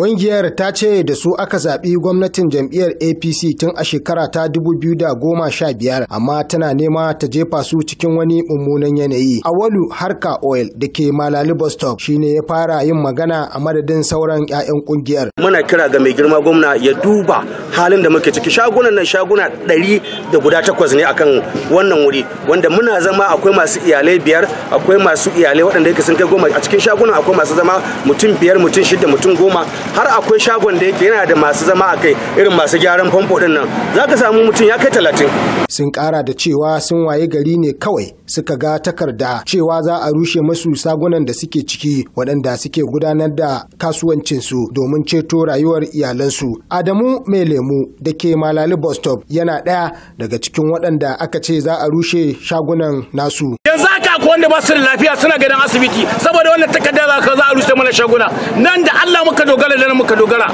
Ƙungiyar ta ce da su aka zaɓi gwamnatin jam'iyyar APC tun a shekara ta 2015 amma tana nema ta jefa su cikin wani mummunan yanayi. Awalu Harka Oil da ke Malali Bostop shi ne ya fara yin magana a madadin sauran 'ya'yan ƙungiyar. Muna kira ga mai girma gwamna ya duba halin da muke ciki shagunan nan shaguna ɗari da guda takwas ne akan wannan wuri wanda muna zama akwai masu iyalai biyar akwai masu iyalai waɗanda yake sun kai goma a cikin shagunan akwai masu zama mutum biyar mutum shida mutum goma har akwai shagon da yake yana da masu zama a kai irin masu gyaran famfo din nan za ka samu mutum ya kai talatin. sun kara da cewa sun waye gari ne kawai suka ga takarda cewa za a rushe masu sagunan da suke ciki waɗanda suke gudanar da kasuwancinsu domin ceto rayuwar iyalansu adamu mai lemu da ke malali bus stop yana ɗaya daga cikin waɗanda aka ce za a rushe shagunan nasu yanzu haka akwai wanda ba su da lafiya suna ganin asibiti saboda wannan takarda za ka za a rushe mana shaguna nan da allah muka dogara dalilan muka dogara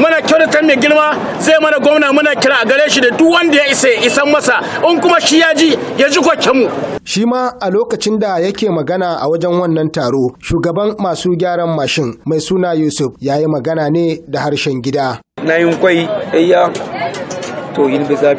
muna kyautata mai girma zai mana gwamna muna kira a gare shi da duk wanda ya isa isan masa in kuma shi ya ji ya ji mu. shi ma a lokacin da yake magana a wajen wannan taro shugaban masu gyaran mashin mai suna yusuf ya yi magana ne da harshen gida na yin kwai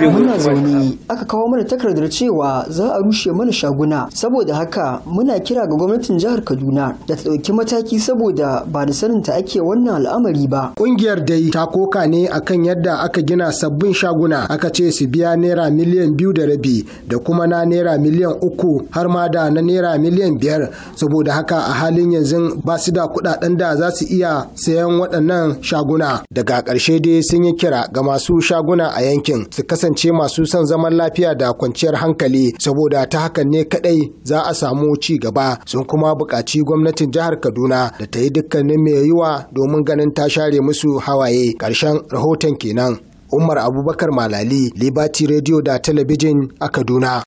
muna zaune aka kawo mana takardar cewa za a rushe mana shaguna saboda haka muna kira ga gwamnatin jihar kaduna da ta ɗauki mataki saboda ba da saninta ake wannan al'amari ba ƙungiyar dai ta koka ne akan yadda aka gina sabbin shaguna aka ce su biya naira miliyan biyu da rabi da kuma na naira miliyan uku har ma da na naira miliyan biyar saboda haka a halin yanzu ba su da kuɗaɗen da za su iya sayan waɗannan shaguna daga ƙarshe dai sun yi kira ga masu shaguna a yankin yankin su kasance masu son zaman lafiya da kwanciyar hankali saboda ta hakan ne kadai za a samu ci gaba sun kuma buƙaci gwamnatin jihar Kaduna da ta yi dukkanin mai yiwa domin ganin ta share musu hawaye karshen rahoton kenan. Umar Abubakar Malali, Liberty Radio da Talabijin a Kaduna.